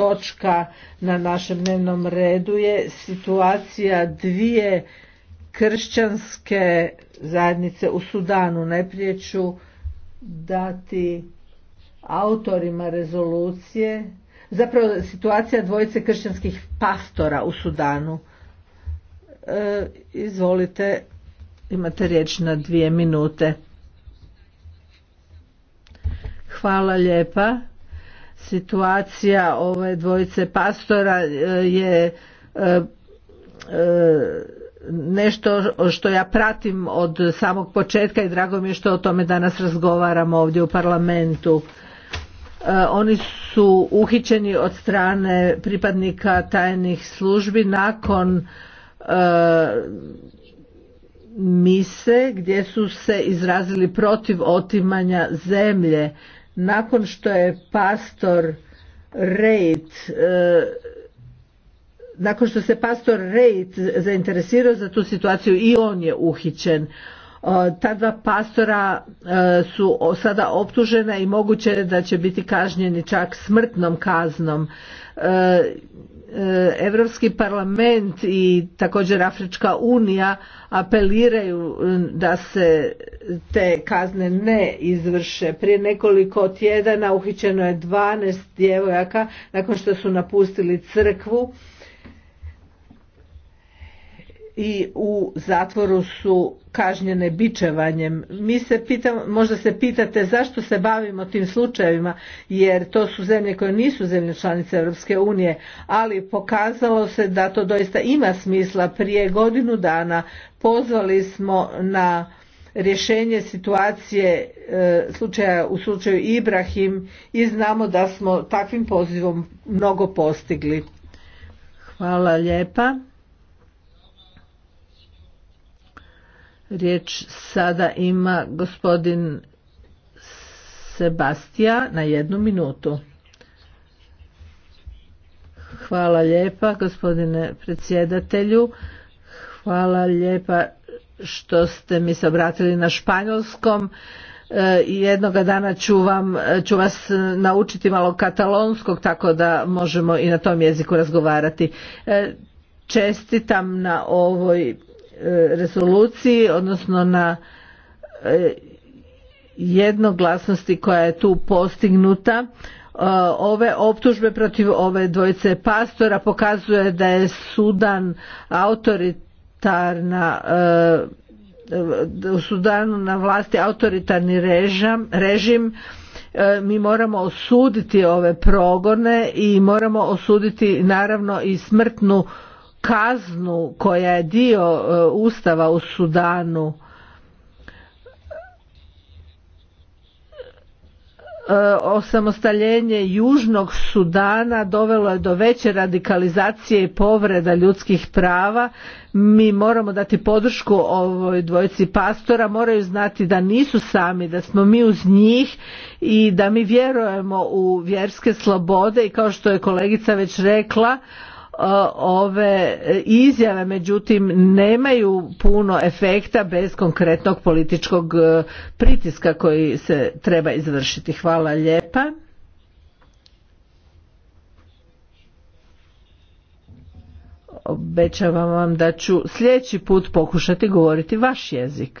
točka na našem dnevnom redu je situacija dvije kršćanske zajednice u Sudanu. Najprije ću dati autorima rezolucije, zapravo situacija dvojice kršćanskih pastora u Sudanu. E, izvolite, imate riječ na dvije minute. Hvala lijepa situacija ove dvojice pastora e, je e, e, nešto što ja pratim od samog početka i drago mi je što o tome danas razgovaramo ovdje u parlamentu. Oni su uhićeni od strane pripadnika tajnih službi nakon mise gdje su se izrazili protiv otimanja zemlje nakon što je pastor Reit e, nakon što se pastor Reit zainteresirao za tu situaciju i on je uhićen e, ta dva pastora e, su sada optužena i moguće je da će biti kažnjeni čak smrtnom kaznom Europski parlament i također Afrička unija apeliraju e, da se te kazne ne izvrše. Prije nekoliko tjedana uhićeno je 12 djevojaka nakon što su napustili crkvu i u zatvoru su kažnjene bičevanjem. Mi se pitamo, možda se pitate zašto se bavimo tim slučajevima, jer to su zemlje koje nisu zemlje članice Europske unije, ali pokazalo se da to doista ima smisla. Prije godinu dana pozvali smo na rješenje situacije e, slučaja u slučaju Ibrahim i znamo da smo takvim pozivom mnogo postigli. Hvala lijepa. Riječ sada ima gospodin Sebastija na jednu minutu. Hvala lijepa gospodine predsjedatelju. Hvala lijepa što ste mi se obratili na španjolskom. E, jednoga dana ću, vam, ću vas naučiti malo katalonskog tako da možemo i na tom jeziku razgovarati. E, čestitam na ovoj rezoluciji, odnosno na e, jednoglasnosti koja je tu postignuta e, ove optužbe protiv ove dvojice pastora pokazuje da je Sudan autoritarna e, Sudanu na vlasti autoritarni režim, režim mi moramo osuditi ove progone i moramo osuditi naravno i smrtnu kaznu koja je dio e, ustava u Sudanu e, osamostaljenje Južnog Sudana dovelo je do veće radikalizacije i povreda ljudskih prava. Mi moramo dati podršku ovoj dvojci pastora, moraju znati da nisu sami, da smo mi uz njih i da mi vjerujemo u vjerske slobode i kao što je kolegica već rekla, E, ove izjave međutim nemaju puno efekta bez konkretnog političkog e, pritiska koji se treba izvršiti. Hvala lijepa. Obećavam vam da ću sljedeći put pokušati govoriti vaš jezik.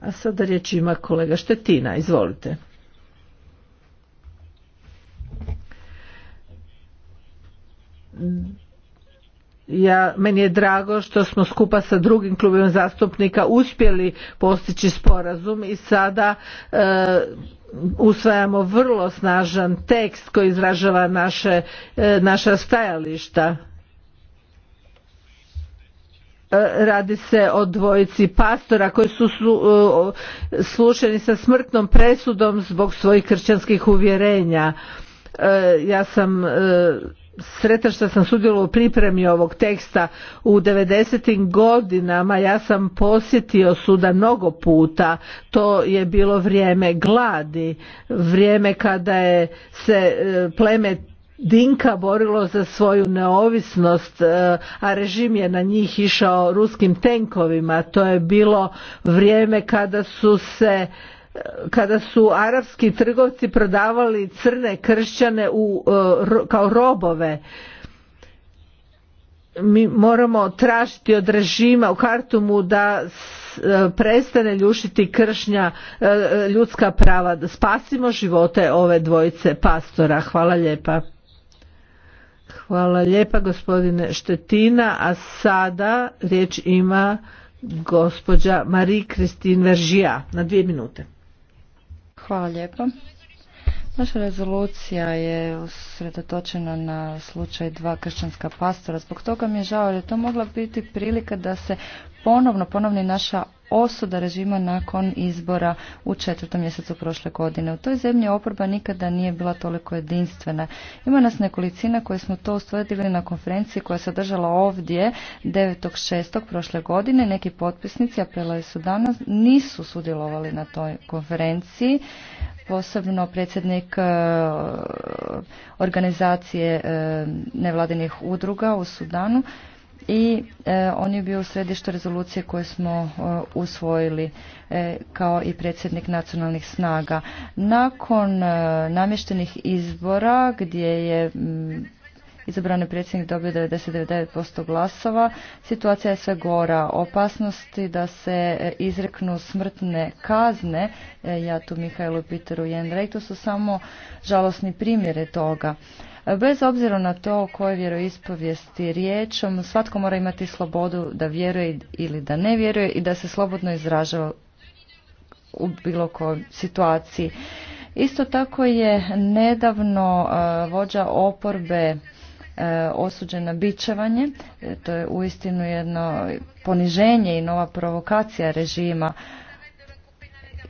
A sada riječ ima kolega Štetina, izvolite. ja, meni je drago što smo skupa sa drugim klubima zastupnika uspjeli postići sporazum i sada e, usvajamo vrlo snažan tekst koji izražava naše, e, naša stajališta e, radi se o dvojici pastora koji su slušeni sa smrtnom presudom zbog svojih kršćanskih uvjerenja. Ja sam sretan što sam sudjelovao u pripremi ovog teksta u 90. godinama ja sam posjetio suda mnogo puta to je bilo vrijeme gladi vrijeme kada je se e, pleme Dinka borilo za svoju neovisnost, e, a režim je na njih išao ruskim tenkovima. To je bilo vrijeme kada su se kada su arapski trgovci prodavali crne kršćane u, e, kao robove mi moramo tražiti od režima u Kartumu da e, prestane ljušiti kršnja e, ljudska prava da spasimo živote ove dvojice pastora hvala lijepa hvala lijepa gospodine Štetina a sada riječ ima gospođa Marie Christine Veržija na dvije minute Hvala lijepo. Naša rezolucija je usredotočena na slučaj dva kršćanska pastora. Zbog toga mi je žao da je to mogla biti prilika da se ponovno ponovni naša osuda režima nakon izbora u četvrtom mjesecu prošle godine. U toj zemlji oporba nikada nije bila toliko jedinstvena. Ima nas nekolicina koje smo to ustvrdili na konferenciji koja se održala ovdje 9.6. prošle godine. Neki potpisnici, apelaju su danas, nisu sudjelovali na toj konferenciji posebno predsjednik e, organizacije e, nevladinih udruga u Sudanu i e, on je bio u središtu rezolucije koje smo usvojili kao i predsjednik nacionalnih snaga. Nakon namještenih izbora gdje je izabrani predsjednik dobio 99% glasova. Situacija je sve gora. Opasnosti da se e, izreknu smrtne kazne, e, ja tu Mihajlu Peteru i to su samo žalosni primjere toga. E, bez obzira na to koje kojoj vjeroispovijesti riječom, svatko mora imati slobodu da vjeruje ili da ne vjeruje i da se slobodno izražava u bilo kojoj situaciji. Isto tako je nedavno vođa oporbe E, osuđen na bičevanje. E, to je uistinu jedno poniženje i nova provokacija režima.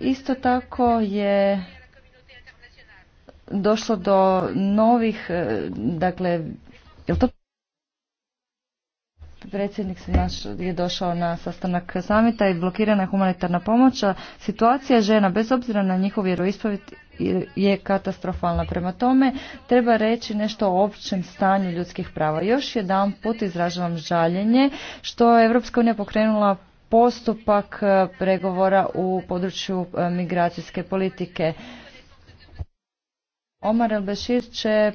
Isto tako je došlo do novih, e, dakle, je to predsjednik se naš je došao na sastanak samita i blokirana je humanitarna pomoć. Situacija žena, bez obzira na njihov vjeroispovjet je katastrofalna. Prema tome, treba reći nešto o općem stanju ljudskih prava. Još jedan put izražavam žaljenje što je Evropska unija pokrenula postupak e, pregovora u području e, migracijske politike. Omar El Bashir će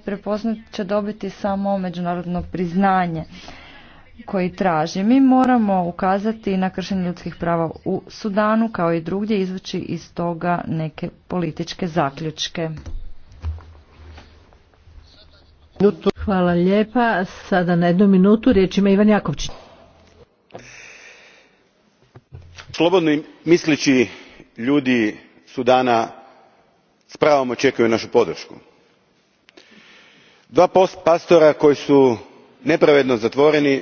će dobiti samo međunarodno priznanje koji traži. Mi moramo ukazati na kršenje ljudskih prava u Sudanu kao i drugdje izvući iz toga neke političke zaključke. Hvala lijepa. Sada na jednu minutu riječ ima Ivan Jakovčić. Slobodno misleći ljudi Sudana s pravom očekuju našu podršku. Dva pastora koji su nepravedno zatvoreni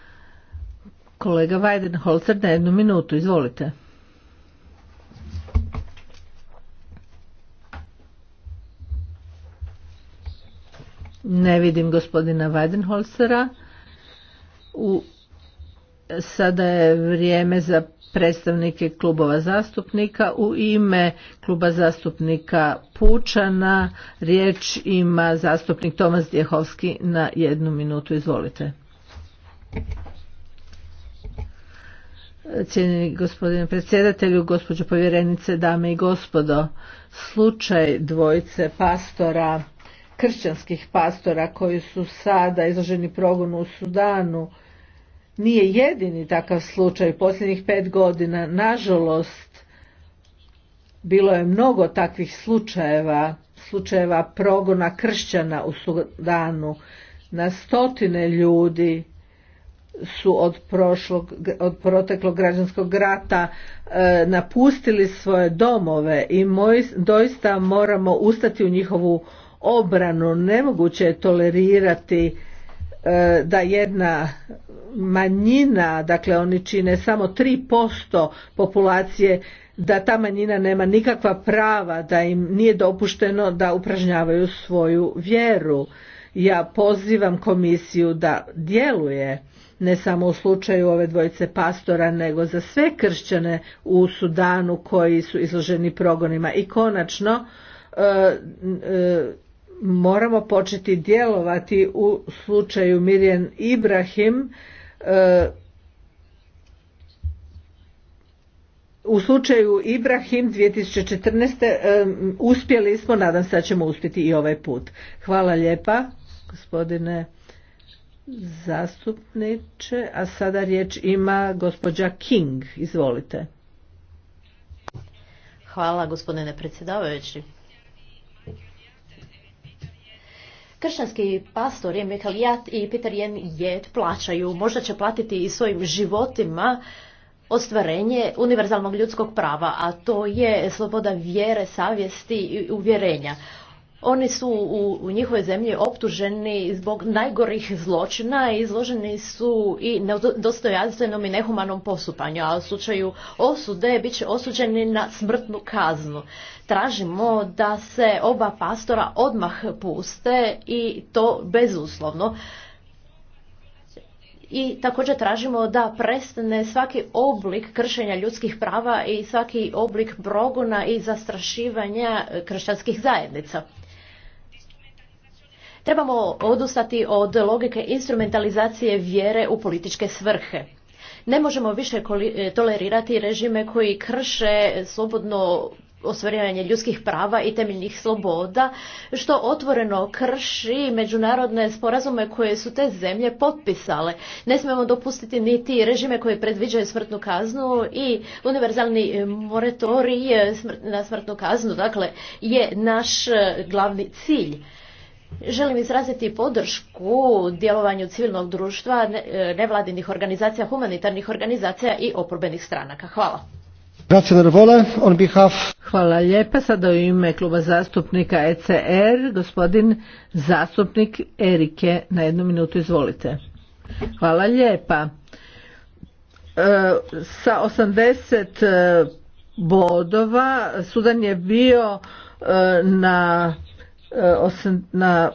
Kolega Weidenholzer, na jednu minutu, izvolite. Ne vidim gospodina Weidenholzera. U, sada je vrijeme za predstavnike klubova zastupnika. U ime kluba zastupnika Pučana riječ ima zastupnik Tomas Djehovski na jednu minutu. Izvolite. Cijenjeni gospodine predsjedatelju, gospođo povjerenice, dame i gospodo, slučaj dvojice pastora, kršćanskih pastora koji su sada izloženi progonu u Sudanu, nije jedini takav slučaj. Posljednjih pet godina, nažalost, bilo je mnogo takvih slučajeva, slučajeva progona kršćana u Sudanu. Na stotine ljudi su od, prošlog, od proteklog građanskog rata e, napustili svoje domove i doista moramo ustati u njihovu obranu. Nemoguće je tolerirati e, da jedna manjina, dakle oni čine samo 3% populacije, da ta manjina nema nikakva prava, da im nije dopušteno da upražnjavaju svoju vjeru. Ja pozivam komisiju da djeluje ne samo u slučaju ove dvojice pastora, nego za sve kršćane u Sudanu koji su izloženi progonima. I konačno, e, e, moramo početi djelovati u slučaju Mirjen Ibrahim, e, u slučaju Ibrahim 2014. uspjeli smo, nadam se da ćemo uspjeti i ovaj put. Hvala lijepa, gospodine zastupniče, a sada riječ ima gospođa King. Izvolite. Hvala gospodine predsjedavajući. Kršćanski pastor je i Peter Jen Jet plaćaju, možda će platiti i svojim životima ostvarenje univerzalnog ljudskog prava, a to je sloboda vjere, savjesti i uvjerenja. Oni su u, u njihovoj zemlji optuženi zbog najgorih zločina i izloženi su i nedostojanstvenom i nehumanom postupanju, a u slučaju osude bit će osuđeni na smrtnu kaznu. Tražimo da se oba pastora odmah puste i to bezuslovno. I također tražimo da prestane svaki oblik kršenja ljudskih prava i svaki oblik progona i zastrašivanja kršćanskih zajednica. Trebamo odustati od logike instrumentalizacije vjere u političke svrhe. Ne možemo više e, tolerirati režime koji krše slobodno osvarivanje ljudskih prava i temeljnih sloboda, što otvoreno krši međunarodne sporazume koje su te zemlje potpisale. Ne smijemo dopustiti niti režime koji predviđaju smrtnu kaznu i univerzalni moratorij na smrtnu kaznu, dakle, je naš e, glavni cilj. Želim izraziti podršku djelovanju civilnog društva, e, nevladinih organizacija, humanitarnih organizacija i oporbenih stranaka. Hvala. Hvala lijepa. Sada u ime kluba zastupnika ECR, gospodin zastupnik Erike, na jednu minutu izvolite. Hvala lijepa. E, sa 80 e, bodova Sudan je bio na E, na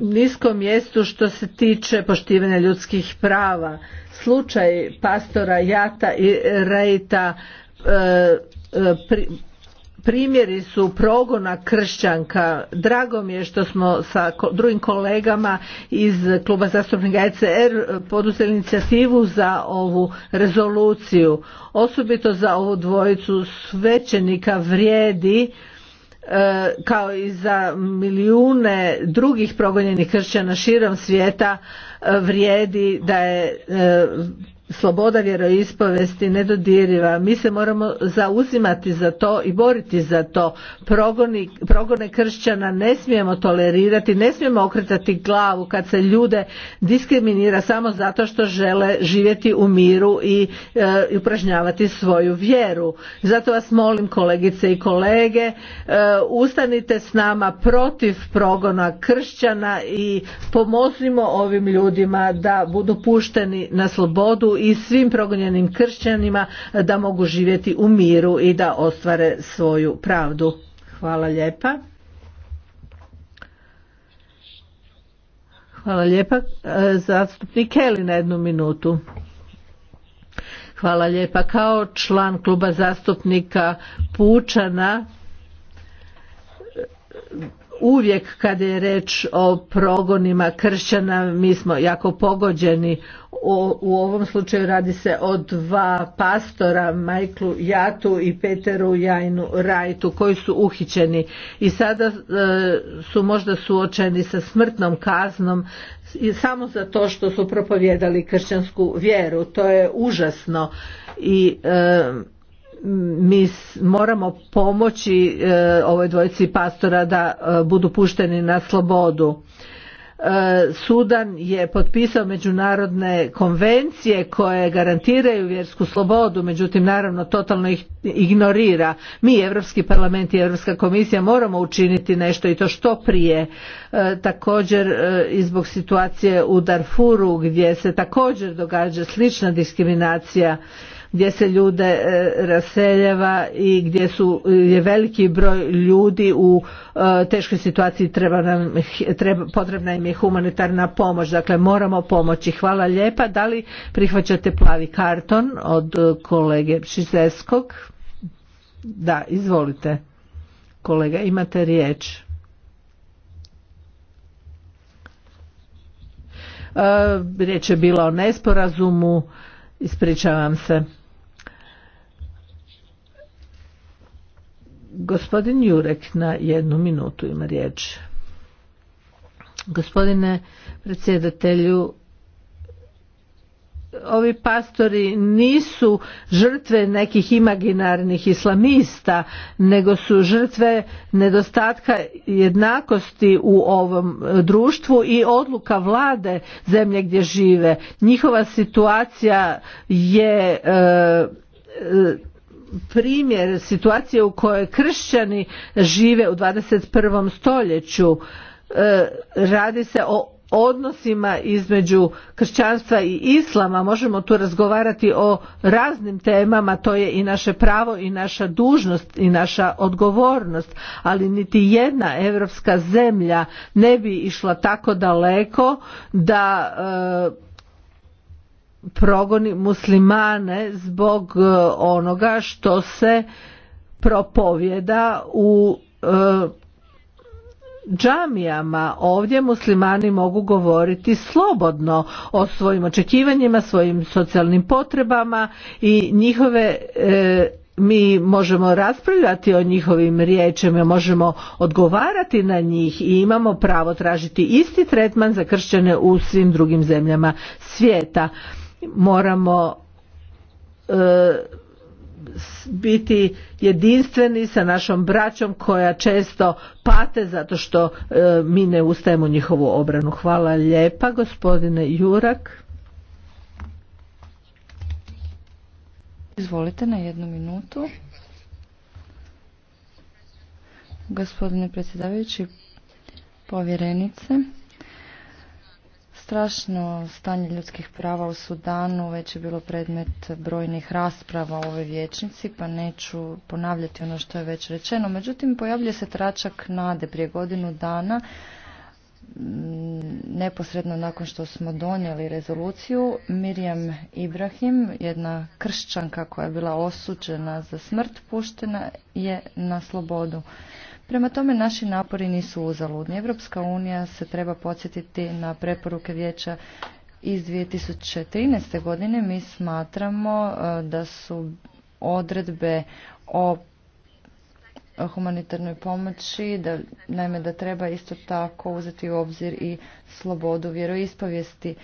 niskom mjestu što se tiče poštivanja ljudskih prava. Slučaj pastora Jata i Rejta e, e, primjeri su progona kršćanka. Drago mi je što smo sa drugim kolegama iz kluba zastupnika ECR poduzeli inicijativu za ovu rezoluciju. Osobito za ovu dvojicu svećenika vrijedi E, kao i za milijune drugih progonjenih kršćana širom svijeta e, vrijedi da je e, sloboda vjeroispovesti nedodiriva. Mi se moramo zauzimati za to i boriti za to. progone kršćana ne smijemo tolerirati, ne smijemo okretati glavu kad se ljude diskriminira samo zato što žele živjeti u miru i e, upražnjavati svoju vjeru. Zato vas molim kolegice i kolege, e, ustanite s nama protiv progona kršćana i pomozimo ovim ljudima da budu pušteni na slobodu i svim progonjenim kršćanima da mogu živjeti u miru i da ostvare svoju pravdu. Hvala lijepa. Hvala lijepa. E, zastupnik Kelly na jednu minutu. Hvala lijepa. Kao član kluba zastupnika Pučana uvijek kada je reč o progonima kršćana mi smo jako pogođeni u ovom slučaju radi se o dva pastora Majklu Jatu i Peteru Jajnu Rajtu koji su uhićeni i sada e, su možda suočeni sa smrtnom kaznom i samo to što su propovjedali kršćansku vjeru to je užasno i e, mi moramo pomoći e, ovoj dvojici pastora da e, budu pušteni na slobodu. E, Sudan je potpisao međunarodne konvencije koje garantiraju vjersku slobodu, međutim naravno totalno ih ignorira. Mi, Europski parlament i Europska komisija moramo učiniti nešto i to što prije. Također i zbog situacije u Darfuru gdje se također događa slična diskriminacija gdje se ljude e, raseljeva i gdje su, je veliki broj ljudi u e, teškoj situaciji treba nam, treba, potrebna im je humanitarna pomoć. Dakle, moramo pomoći. Hvala lijepa. Da li prihvaćate plavi karton od e, kolege Šizeskog? Da, izvolite. Kolega, imate riječ. Riječ je bila o nesporazumu. Ispričavam se. Gospodin Jurek na jednu minutu ima riječ. Gospodine predsjedatelju, ovi pastori nisu žrtve nekih imaginarnih islamista, nego su žrtve nedostatka jednakosti u ovom društvu i odluka vlade zemlje gdje žive. Njihova situacija je e, e, primjer situacije u kojoj kršćani žive u 21. stoljeću. E, radi se o odnosima između kršćanstva i islama možemo tu razgovarati o raznim temama to je i naše pravo i naša dužnost i naša odgovornost ali niti jedna europska zemlja ne bi išla tako daleko da e, progoni muslimane zbog e, onoga što se propovjeda u e, džamijama ovdje muslimani mogu govoriti slobodno o svojim očekivanjima, svojim socijalnim potrebama i njihove e, mi možemo raspravljati o njihovim riječima, možemo odgovarati na njih i imamo pravo tražiti isti tretman za kršćane u svim drugim zemljama svijeta moramo e, biti jedinstveni sa našom braćom koja često pate zato što e, mi ne ustajemo njihovu obranu. Hvala lijepa gospodine Jurak. Izvolite na jednu minutu. Gospodine predsjedavajući, povjerenice strašno stanje ljudskih prava u Sudanu već je bilo predmet brojnih rasprava u ovoj vječnici, pa neću ponavljati ono što je već rečeno. Međutim, pojavljuje se tračak nade prije godinu dana, mm, neposredno nakon što smo donijeli rezoluciju, Mirjam Ibrahim, jedna kršćanka koja je bila osuđena za smrt, puštena je na slobodu. Prema tome naši napori nisu uzaludni. Evropska unija se treba podsjetiti na preporuke vijeća iz 2013. godine. Mi smatramo e, da su odredbe o humanitarnoj pomoći, da, naime da treba isto tako uzeti u obzir i slobodu vjeroispovijesti. I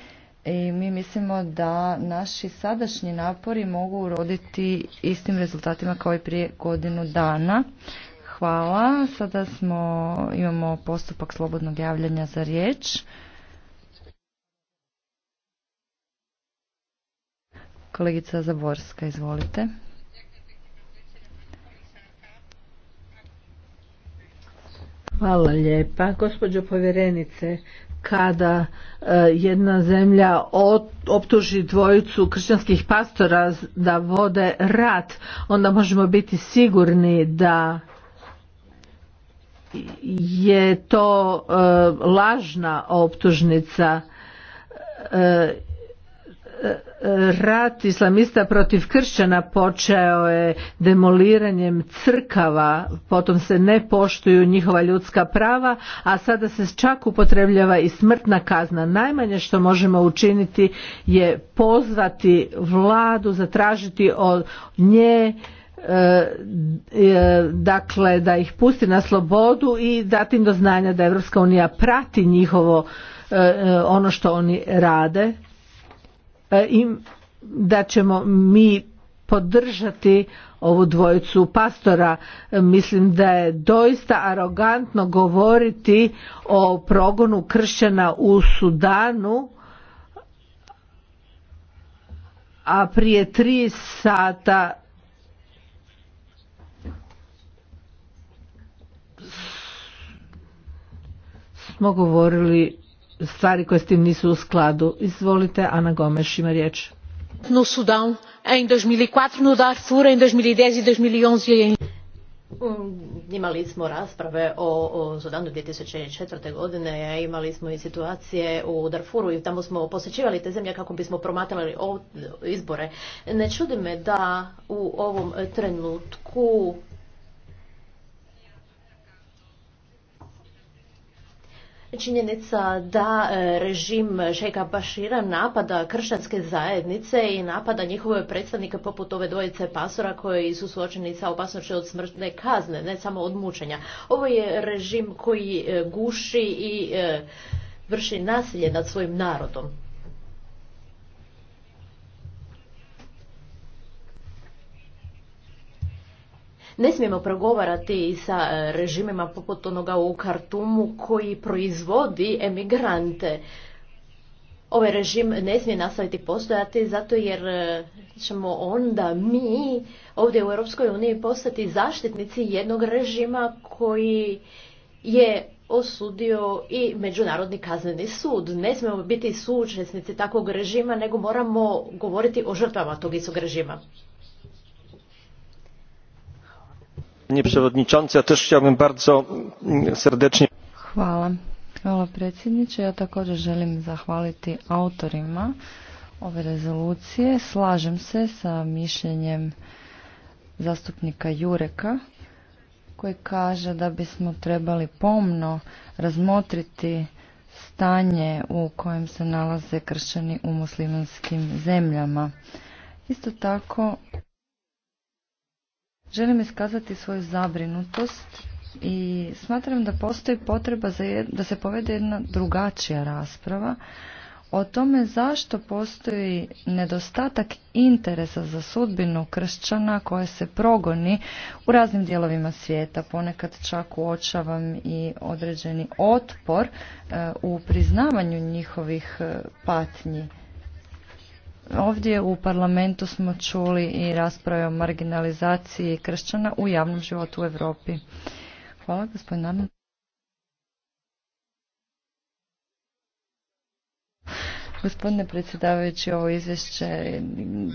e, mi mislimo da naši sadašnji napori mogu uroditi istim rezultatima kao i prije godinu dana. Hvala. Sada smo, imamo postupak slobodnog javljanja za riječ. Kolegica Zaborska, izvolite. Hvala lijepa. Gospođo povjerenice, kada e, jedna zemlja optuži dvojicu kršćanskih pastora da vode rat, onda možemo biti sigurni da je to e, lažna optužnica e, e, rat islamista protiv kršćana počeo je demoliranjem crkava, potom se ne poštuju njihova ljudska prava, a sada se čak upotrebljava i smrtna kazna. Najmanje što možemo učiniti je pozvati vladu, zatražiti od nje E, dakle da ih pusti na slobodu i dati im do znanja da Europska unija prati njihovo e, e, ono što oni rade i da ćemo mi podržati ovu dvojicu pastora mislim da je doista arogantno govoriti o progonu kršćana u Sudanu a prije tri sata smo govorili stvari koje s tim nisu u skladu. Izvolite, Ana Gomes ima riječ. No sudan em 2004, e no Darfur, em 2010 i 2011. Imali smo rasprave o, o Sudanu 2004. godine, imali smo i situacije u Darfuru i tamo smo posjećivali te zemlje kako bismo promatrali izbore. Ne čudi me da u ovom trenutku činjenica da e, režim Šeka Bašira napada kršćanske zajednice i napada njihove predstavnike poput ove dvojice pasora koji su suočeni sa opasnošću od smrtne kazne, ne samo od mučenja. Ovo je režim koji e, guši i e, vrši nasilje nad svojim narodom. Ne smijemo progovarati sa e, režimima poput onoga u Kartumu koji proizvodi emigrante. Ovaj režim ne smije nastaviti postojati zato jer e, ćemo onda mi ovdje u Europskoj uniji postati zaštitnici jednog režima koji je osudio i Međunarodni kazneni sud. Ne smijemo biti sučesnici takvog režima, nego moramo govoriti o žrtvama tog istog režima. gospodine ja mm, Hvala predsjedniče. Ja također želim zahvaliti autorima ove rezolucije. Slažem se sa mišljenjem zastupnika Jureka koji kaže da bismo trebali pomno razmotriti stanje u kojem se nalaze kršćani u muslimanskim zemljama. Isto tako Želim iskazati svoju zabrinutost i smatram da postoji potreba za da se povede jedna drugačija rasprava o tome zašto postoji nedostatak interesa za sudbinu kršćana koje se progoni u raznim dijelovima svijeta. Ponekad čak uočavam i određeni otpor e, u priznavanju njihovih e, patnji Ovdje u parlamentu smo čuli i rasprave o marginalizaciji kršćana u javnom životu u Europi. Hvala gospodin Gospodine predsjedavajući, ovo izvješće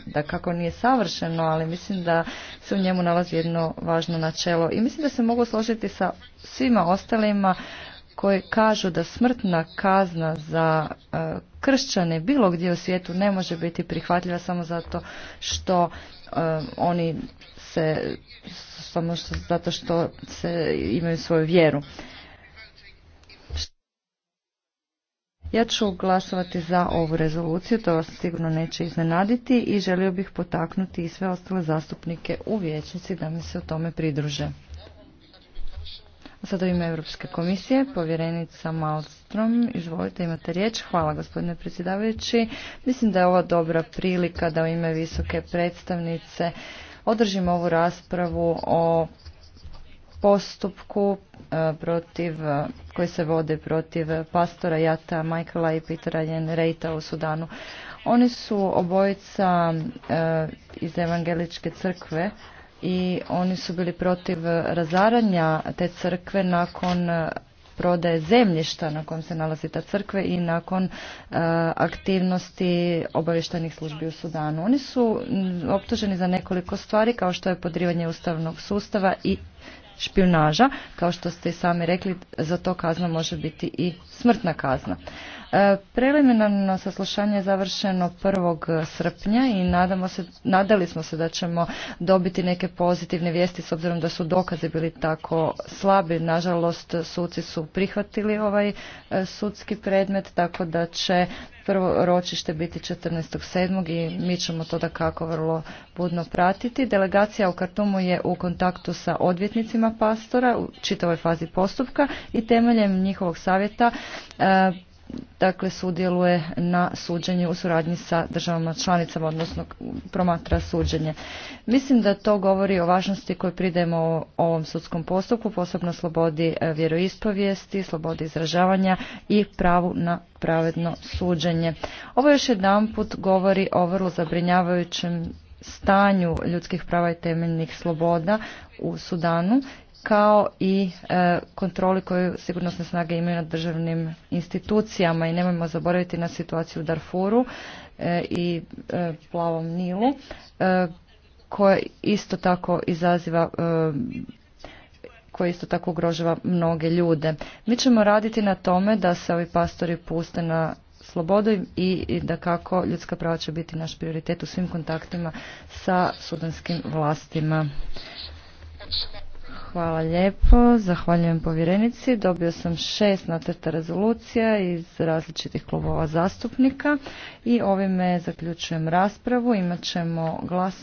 da kako nije savršeno, ali mislim da se u njemu nalazi jedno važno načelo i mislim da se mogu složiti sa svima ostalima koji kažu da smrtna kazna za e, kršćane bilo gdje u svijetu ne može biti prihvatljiva samo zato što eh, oni se samo zato što se imaju svoju vjeru. Ja ću glasovati za ovu rezoluciju, to vas sigurno neće iznenaditi i želio bih potaknuti i sve ostale zastupnike u vijećnici da mi se o tome pridruže sada u ime Europske komisije, povjerenica Malstrom, izvolite, imate riječ. Hvala gospodine predsjedavajući. Mislim da je ova dobra prilika da u ime visoke predstavnice održimo ovu raspravu o postupku e, protiv, e, koji se vode protiv pastora Jata Michaela i Petera Jenrejta u Sudanu. Oni su obojica e, iz Evangeličke crkve, i oni su bili protiv razaranja te crkve nakon e, prodaje zemljišta na kojem se nalazi ta crkve i nakon e, aktivnosti obavještajnih službi u Sudanu. Oni su optuženi za nekoliko stvari kao što je podrivanje ustavnog sustava i špionaža. Kao što ste i sami rekli, za to kazna može biti i smrtna kazna. Preliminarno saslušanje je završeno 1. srpnja i nadamo se, nadali smo se da ćemo dobiti neke pozitivne vijesti s obzirom da su dokazi bili tako slabi. Nažalost, suci su prihvatili ovaj e, sudski predmet, tako da će prvo ročište biti 14.7. i mi ćemo to da kako vrlo budno pratiti. Delegacija u Kartumu je u kontaktu sa odvjetnicima pastora u čitavoj fazi postupka i temeljem njihovog savjeta e, dakle sudjeluje na suđenju u suradnji sa državama članicama, odnosno promatra suđenje. Mislim da to govori o važnosti koju pridajemo ovom sudskom postupku, posebno slobodi e, vjeroispovijesti, slobodi izražavanja i pravu na pravedno suđenje. Ovo još jedan put govori o vrlo zabrinjavajućem stanju ljudskih prava i temeljnih sloboda u Sudanu kao i e, kontroli koju sigurnosne snage imaju nad državnim institucijama i nemojmo zaboraviti na situaciju u Darfuru e, i e, Plavom Nilu koja isto tako izaziva koja isto tako ugrožava mnoge ljude. Mi ćemo raditi na tome da se ovi pastori puste na slobodu i da kako ljudska prava će biti naš prioritet u svim kontaktima sa sudanskim vlastima. Hvala lijepo. Zahvaljujem povjerenici. Dobio sam šest nacrta rezolucija iz različitih klubova zastupnika i ovime zaključujem raspravu. Imat ćemo glas